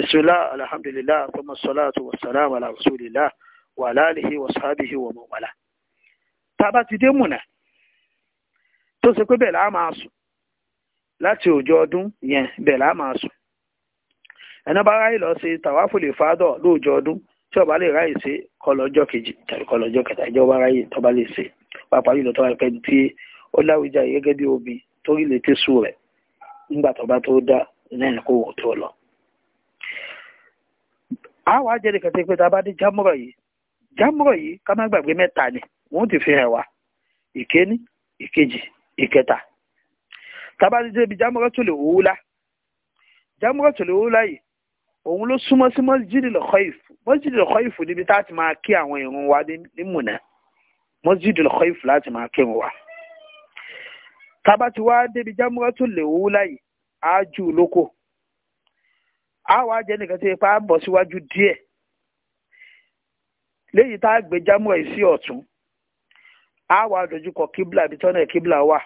bisimilah alhamdulilah akpama salatu wa salam ala rasulillah wa alalihi wa sahabihi wa mawala. taba ti dé múnà tó ṣe pé bẹ́ẹ̀ la máa sùn láti ọjọ́ ọdún yẹn bẹ́ẹ̀ la máa sùn. ẹ̀nà bá ráyè lọ sí tàwáfù lè fádọ̀ lóòjọ́ ọdún tí ọba lè ráyè ṣe kọlọ́jọ́ kejì tàbí kọlọ́jọ́ kẹta ìjọba ráyè tọba lè ṣe pàápàá yìí lọ tọba pẹ́ tí ó láwùjá gẹ́gẹ́ bí obì torí lè tẹ́sù rẹ̀ nígbà tọba tó dá náà kó wọ́n tó lọ àwọn ajẹ́rìí kan ti pé tá a bá dé jámúrọ̀ yìí jámúrọ̀ yìí ká má gbàgbé mẹ́ta ni wọ́n ti fi hàn wá ìkéní ìkejì ìkẹta tá a bá dé débi jámúrọ̀ tó lè wúlá jámúrọ̀ tó lè wúlá yìí òun ló súnmọ́ sí mọ́sídìrì lọ́kọ́ìfù mọ́sídìrì lọ́kọ́ìfù níbi tá a ti máa kí àwọn ìrun wa ní múnà mọ́sídìrì lọ́kọ́ìfù láti máa kírun wa tá a bá ti wá débi jámúrọ̀ tó lè wúlá yìí á jù lóko a wá jẹ́ nìkan tí ipa bọ̀ síwájú díẹ̀ léyìí tá a gbé jámọ́ ẹ̀ sí ọ̀tún a wá dojúkọ kíbla ibi tọ́nà kíbla wà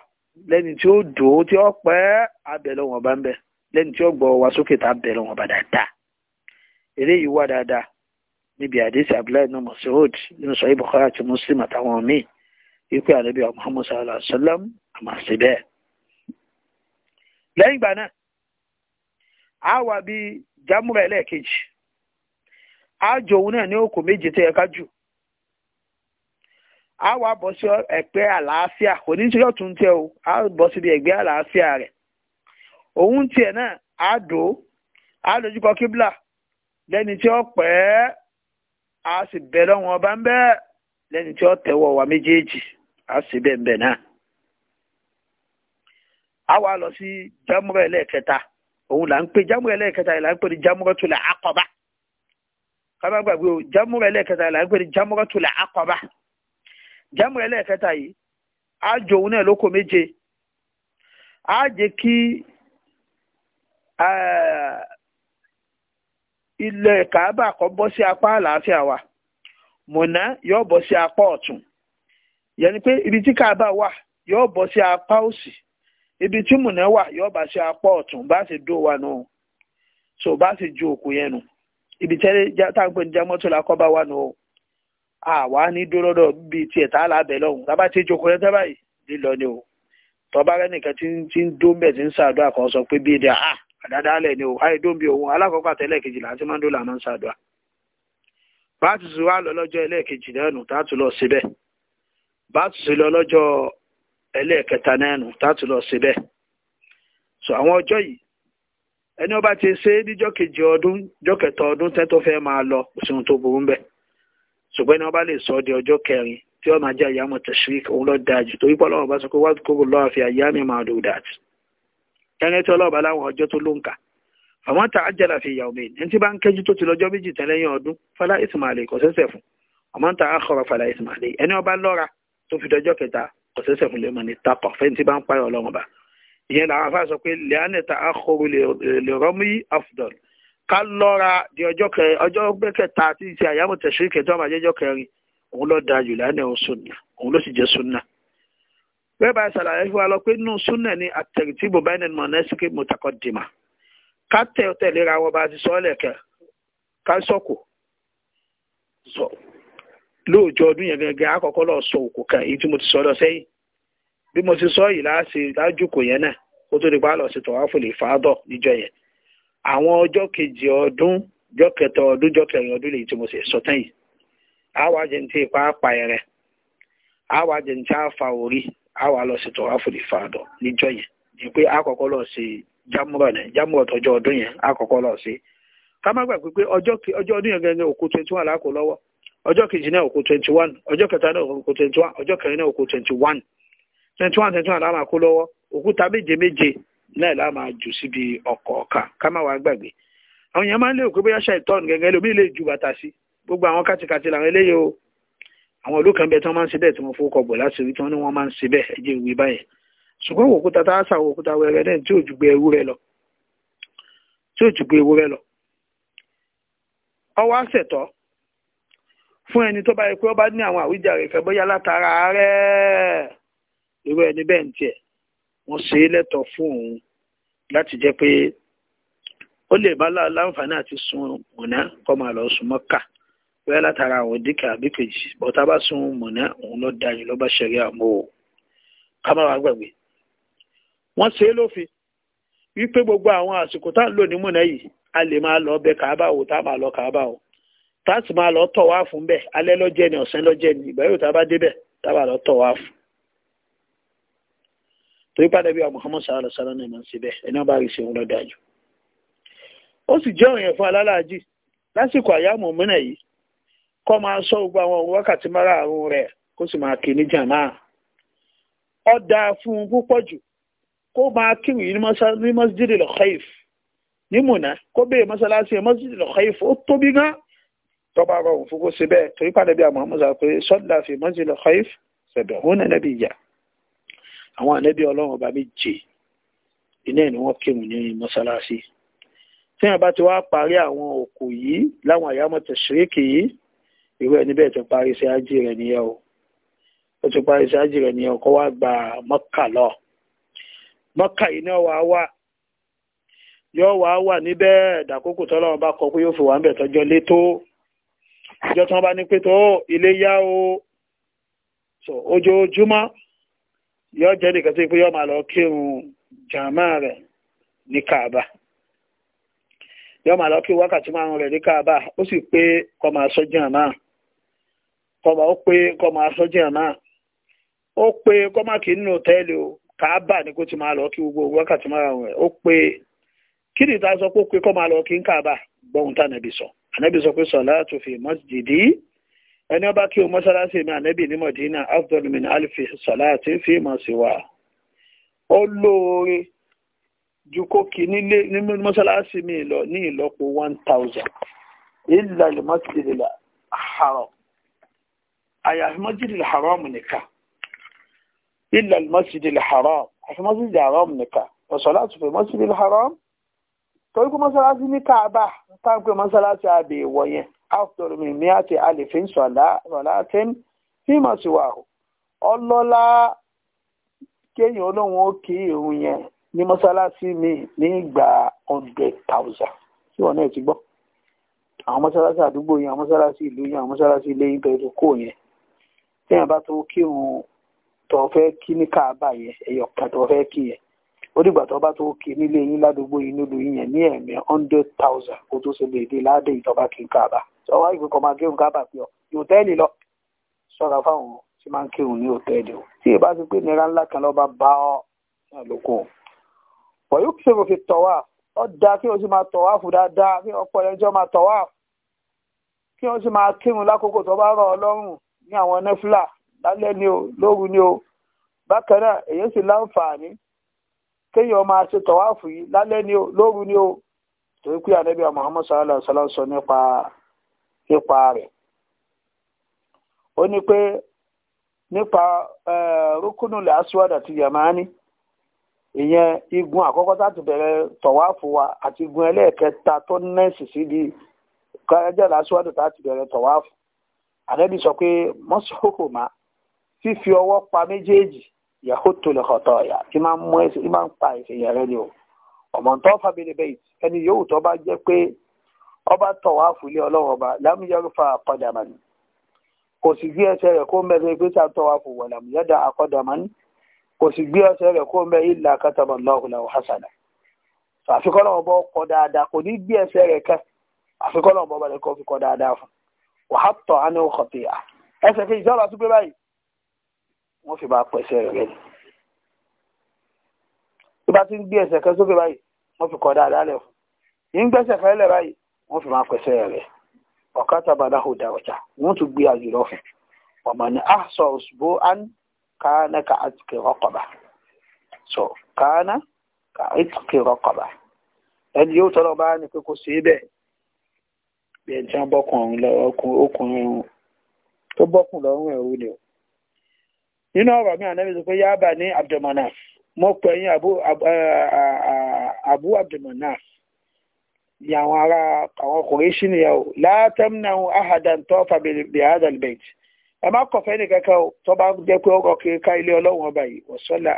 lẹ́ni tí ó dò ó tí ó pẹ́ abẹ́lẹ́ wọn bá ń bẹ lẹ́ni tí ó gbọ́ wa sókè tá abẹ́lẹ́ wọn bá dáadáa eléyìí wà dáadáa níbi àdéhìí abdullahi ibn Mas'ud nínú sọ Bukhari àti Muslim àtàwọn míì wípé ànábì Muhammad sallallahu alaihi wa sallam àmàṣe bẹ́ẹ̀ lẹ́yìn ìgbà náà a wà bí jámúra ẹlẹ́ẹ̀kejì àjò òun náà ní òkò méje tó yẹ jù a wa sí ẹ̀pẹ́ àlàáfíà oníṣẹ́ tún tẹ o a síbi ẹ̀gbẹ́ àlàáfíà rẹ̀ òun tiẹ̀ náà a dò kíbla lẹ́ni tí ó pẹ́ a sì ọba ń lẹ́ni tí ó wà méjèèjì a sì a lọ sí jámúra ẹlẹ́ẹ̀kẹta. òun là ń pè jámù ẹlẹ́ẹ̀kẹta là ń pè ní akọba kábà gbàgbé o jámù ẹlẹ́ẹ̀kẹta là ń pè ní jámúrọ́tulẹ̀ akọba jámù ẹlẹ́ẹ̀kẹta yìí àjò òun náà lóko méje kí eh, ilẹ̀ kọ́ bọ́ sí apá wa mọ̀nà yóò bọ́ sí apá ọ̀tún ibi tí kàábà wà yóò bọ́ sí apá ibi tí mùnà wà yóò bá ṣe ọ̀tún bá sì dó wa nù so bá sì ju òkú yẹn nù ibi tẹ́lẹ̀ táǹpẹ́ ní jámọ́tò la kọ́ bá wa nù àwa ní dúró lọ́dọ̀ bí tiẹ̀ tá a jókòó lílọ ni o tọ́ba rẹ nìkan tí ń dó mbẹ̀ ń kan sọ pé bíi ah, ni o àyè òun a ti sùn wá a tún lọ ẹlẹ́ẹ̀kẹta náà nù táàtù lọ síbẹ̀ so àwọn ọjọ́ yìí ẹni ó bá ti ṣe é níjọ́ kejì ọdún jọ́kẹta ọdún tẹ́ tó fẹ́ máa lọ kò sí ohun tó burú bẹ́ẹ̀ ṣùgbọ́n ẹni ó bá lè sọ ọ́ di ọjọ́ kẹrin tí ó máa jẹ́ àyàmọ̀ tẹ̀síríkì òun lọ dáa jù torí pọ́lọ́wọ́ bá sọ pé wàá kúrò lọ́wọ́ fi àyàmì máa lò dàt ẹni tí ọlọ́ọ̀bá láwọn ọjọ́ tó ló ń kà àwọn tá a jẹ́la fi ìyàwó mi ẹni tí bá ń kẹ́jú tó ti lọ́jọ́ méjì tẹ́lẹ́yìn ọdún fọlá ìsìmàlè kò sẹ́sẹ̀ fún ọmọ tá a kọ̀rọ̀ fọlá ẹni ó lọ́ra tó fi dọjọ́ kẹta ọ̀sẹ̀sẹ̀ fún lẹ́mọ̀ ní tapọ̀ fẹ́ni tí bá ń payọ̀ ọlọ́run ọba ìyẹn làwọn afá sọ pé lẹ́ánẹ̀ta akọrò lè rọ́mí afdol ká lọ́ra di ọjọ́ gbẹ́kẹta tí ti àyàmọ̀ tẹ̀sírí kẹjọ́ máa jẹ́jọ́ kẹrin òun ló da jù lánàá òun sunna òun ló sì jẹ́ sunna. bẹ́ẹ̀ bá ṣàlàyé fún wa lọ pé nínú sunna ni àtẹ̀rìtì bò báyìí nínú mọ̀nẹ́sìkì mọ̀tàkọ́ dìmà ká tẹ̀ tẹ̀léra wọn bá ti sọ ọ́ lẹ̀kẹ́ ká sọ̀kò lóòjọ́ ọdún yẹn gẹ́gẹ́ àkọ́kọ́ lọ sọ òkú kan èyí tí mo ti sọ lọ sẹ́yìn bí mo ti sọ yìí lájùkò yẹn náà ó tó lọ sí lè fàádọ níjọ yẹn àwọn ọjọ kejì ọdún ọdún kẹrin ọdún tí mo sì sọ tán yìí àwa jẹntì ipa ẹrẹ àwa jẹntì orí àwa lọ sí yẹn ni pé lọ sí jámúrọ jámúrọ tọjọ ọdún lọ sí ká má gbàgbé pé ọdún ọjọ́ kejì náà òkú twenty one ọjọ́ kẹta náà òkú twenty one ọjọ́ kẹrin náà òkú twenty one twenty one twenty one la máa kó lọ́wọ́ òkúta méje méje náà la máa jù síbi ọ̀kọ̀ọ̀kan ká má wàá gbàgbé àwọn èèyàn máa ń lé òkú bóyá ṣàìtọ́nù gẹ́gẹ́ lómi lè ju bàtà sí gbogbo àwọn kàtìkàtì làwọn eléyìí o àwọn olú kan bẹ tí wọ́n máa ń ṣe bẹ́ẹ̀ tí wọ́n fowó kọbọ láti rí tí wọ́n ní wọ́n máa ń ṣe bẹ́ẹ̀ ẹjẹ ìwé báyẹn ṣùgbọ́n òkúta tá a ṣàwọn òkúta wẹrẹ náà tí òjù gbé ewu rẹ lọ tí òjù gbé ewu rẹ lọ ọwọ́ àṣẹtọ́ fún ẹni tó bá yẹ pé ó bá ní àwọn àwíjàre kan bóyá látara àárẹ̀ irú ẹni bẹ́ẹ̀ ń tiẹ̀ wọ́n ṣe é lẹ́tọ̀ọ́ fún òun láti jẹ́ pé ó lè bá láǹfààní àti sun mọ̀nà kọ́ máa lọ sun mọ́kà bóyá látara àwọn díkà àbí kejì bọ́tà bá sun mọ̀nà òun ló dájú ló bá ṣẹ̀rí àmọ́ o ká má wàá gbàgbé wọ́n ṣe é lófin wípé gbogbo àwọn àsìkò tá à ń lò ní mọ̀nà yìí a lè máa lọ bẹ kàábà wò tá a máa lọ kàábà wò táàsì máa lọ tọ̀ wá fún bẹ́ẹ̀ alẹ́ lọ́jẹ́ ni ọ̀sán lọ́jẹ́ ni ìgbà yóò tá a bá débẹ̀ lọ tọ̀ wá fún. torí padà bí náà máa ń ṣe bẹ́ẹ̀ ẹni wọ́n bá rí ṣeun lọ́dọ̀ àjò. ó sì jẹ́ òyìn fún alálàájì lásìkò yìí kọ́ máa sọ gbogbo àwọn wákàtí àrùn rẹ̀ kó jàmá. fún púpọ̀ jù kó máa tọ́ba rọrùn fún kó ṣe bẹ́ẹ̀ torí pàdébí àmọ́mọ́sá pé sọ́dà fi mọ́sílẹ̀ khaif ṣẹ̀bẹ̀ òun náà lẹ́bi ìyá àwọn ànẹ́bí ọlọ́run ọba méje iná ẹ̀ ni wọ́n kírun ní mọ́sálásí tí wọ́n bá ti wá parí àwọn òkú yìí láwọn àyámọ́ tẹ̀síríkì yìí ìwé ẹni bẹ́ẹ̀ ti parí sí ájì rẹ̀ nìyẹn o ó ti parí sí ájì rẹ̀ nìyẹn kó wá gba mọ́kà lọ mọ́kà yìí náà wàá wà yóò wàá wà níbẹ̀ dàkókò tọ́lọ́run bá kọ pé yóò fi wà ń bẹ̀ tọ́jọ́ létó ìjọ tí wọ́n bá ní pé tó ilé yá o ojoojúmọ́ yọ jẹ́ nìkan pé yọ máa lọ kírun jàmá rẹ̀ ní Kaaba yọ máa lọ kí wákàtí márùn rẹ̀ ní Kaaba ó sì pé kọ máa sọ jàmá kó ó pé kó máa sọ jàmá ó pé máa kì í nínú o Kaaba ni kó ti máa lọ kí gbogbo wákàtí márùn rẹ̀ ó pé kí ni ìta sọ So ànábì sọ pé salatu fi masjidi ẹni ọba kí o mọ́sálásí mi ànábì ní Madina afdal min alfi salati fi ma siwa ó lóore ju kó kí nílé ní mọ́sálásí mi lọ ní ìlọ́po one thousand illa al masjid al haram àyàfi masjid al haram nìkan illa al masjid al àfi masjid al nìkan wa salatu fi masjid al haram torí pé mọ́sálásí ní káàbà táwọn pé mọ́sálásí àbẹ̀wọ̀ yẹn áfùtọ̀rọ̀ mi ní àti àlèfín sọ̀láàtẹ́n tí mà sí wà ọlọ́lá kéèyàn olóhùn ó kí irun yẹn ní mọ́sálásí mi ní ìgbà hundred thousand tí wọ́n náà ti gbọ́ àwọn mọ́sálásí àdúgbò yẹn àwọn mọ́sálásí ìlú yẹn àwọn mọ́sálásí ilé yín pẹ̀lú kó yẹn téèyàn bá tó kírun tó fẹ́ kí ní káàbà yẹn ẹ̀yọ̀kan tó fẹ́ kí yẹn ó dìgbà tó bá tó ké nílé yín ládùúgbò yín nílùú yín ní ẹ̀mí hundred thousand kó tó ṣe lè dé ládé ìjọba kí n káàbà sọ wá ìgbé kan máa kírun káàbà pé ọ hòtẹ́ẹ̀lì lọ sọ̀rọ̀ fáwọn tí máa ń kírun ní hòtẹ́ẹ̀lì o tí ì bá ti pé nira ńlá kan lọ́ba bá ọ náà ló kún o. wọ́n yóò ṣe òfin tọ̀wá ọ da kí o sì máa tọ̀wá fún dáadáa kí ọ̀pọ̀ ẹ̀ jọ máa tọ̀wá kí o sì máa kírun lákòókò tó bá rọ̀ ọ ní àwọn nẹ́fìlà lálẹ́ ni o lóru ni o bákan náà èyí sì láǹfààní kéèyàn máa ṣe tọ̀wáàfù yìí lálẹ́ ni o lóru ni o torí pé ànábì Muhammad sallallahu nípa nípa rẹ̀ ó ní pé nípa rukunul aswad ìyẹn igun àkọ́kọ́ tá ti bẹ̀rẹ̀ tọ̀wáàfù wa àti igun ẹlẹ́ẹ̀kẹta tó nẹ́ẹ̀sì sí di kájà lásìwádò tá ti bẹ̀rẹ̀ tọ̀wáàfù ànábì sọ pé fífi ọwọ́ pa méjèèjì yahutu lè kọ̀tọ̀ ọ̀yà tí máa ń mú ẹsẹ̀ tí máa ń pa ẹsẹ̀ yẹn rẹ ni o ọmọ tó fàbílì bẹ́ẹ̀ ẹni yòówù tó bá jẹ́ pé ọba tọ̀ wá fúlé ọlọ́run ọba lámúyẹ́rù fa àkọ́dàmà ni kò sì gbé ẹsẹ̀ rẹ̀ kó ń bẹ pé sáà tọ̀ wá fún wọn lámúyẹ́dà àkọ́dàmà ni kò sì gbé ẹsẹ̀ rẹ̀ kó ń bẹ ilà kátàmà lọ́hùnláwù hasana àfikọ́nà ọba ọkọ̀ dáadáa kò ní gbé ẹsẹ̀ rẹ̀ kẹ́ àfikọ́nà ọba ọba rẹ̀ kọ́ fi kọ́ dáadáa fún wàhátọ̀ á ní ọkọ̀ tèèyà ẹsẹ̀ kejì sọ́ọ́ wọ́n fi bá pẹ̀sẹ̀ rẹ̀ ni tó bá ti ń gbé ẹsẹ̀ kan sókè báyìí wọ́n fi kọ́ dáadáa lẹ̀ fún ń gbẹ́sẹ̀ kan lẹ̀ báyìí wọ́n fi máa pẹ̀sẹ̀ rẹ̀ ọ̀ká dá wọ́n tún gbé àjùlọ fún ọmọ ní án àtìkè àtìkè ẹni yóò bá ní sí tó nínú ọ̀rọ̀ mi ànábì sọ pé yáàbà ní abdulmanaf mo pè yín abu eh, eh, abdulmanaf ni àwọn ará àwọn ọkùnrin sí nìyà o látẹ́m náà ahadan tó fa bi hadha albayt ẹ má kọ̀fẹ́ ní kankan o tó bá jẹ́ pé ọkọ̀ kiri ká ilé ọlọ́run ọba yìí wọ́n sọ́la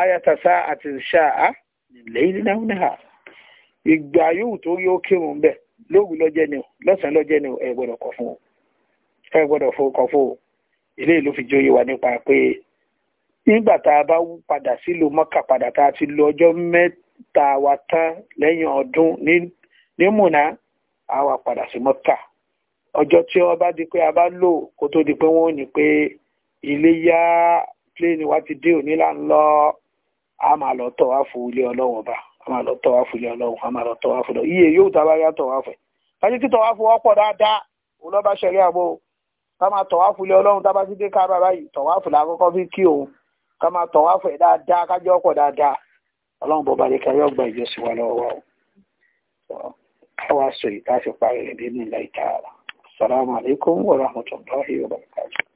ayata sáà àti sáà lẹ́yìn náà náà ìgbà yóò tó yóò kírun bẹ́ẹ̀ lóògùn lọ́jẹ́ ni o lọ́sàn-án lọ́jẹ́ ni o ẹ gbọ́dọ̀ kọ̀ fún o ẹ gbọ́dọ̀ fún o kọ̀ fún o. eléyìí ló fi jóye wa nípa pé nígbà tá a bá padà sílùú mọ́kà padà tá a ti lo ọjọ́ mẹ́ta wa tán lẹ́yìn ọdún ní múná a wà padà sí mọ́kà ọjọ́ tí wọ́n bá di pé a bá lò kó tó di pé wọ́n ní pé iléyá pléènì wa ti dé òní a máa lọ tọ̀ wá fún ilé a máa lọ tọ̀ wá fún ilé a máa lọ tọ̀ wá fún ilé iye yóò tá a bá yá Kama máa tọ̀wáfù lé ọlọ́run tá a bá ti dé káàró àbáyé tọ̀wáfù la kọ́kọ́ fi kí òun ká máa tọ̀wáfù ẹ̀ dáadáa kájọ́ ọ̀pọ̀ dáadáa ọlọ́run bọ́ balẹ̀ ká yọ̀gbà ìjọsìn wa lọ́wọ́ o káwá sọ yìí ká parí rẹ̀ bí ní ìlà ìtààrà assalamu alaikum wa rahmatullahi wa barakatuh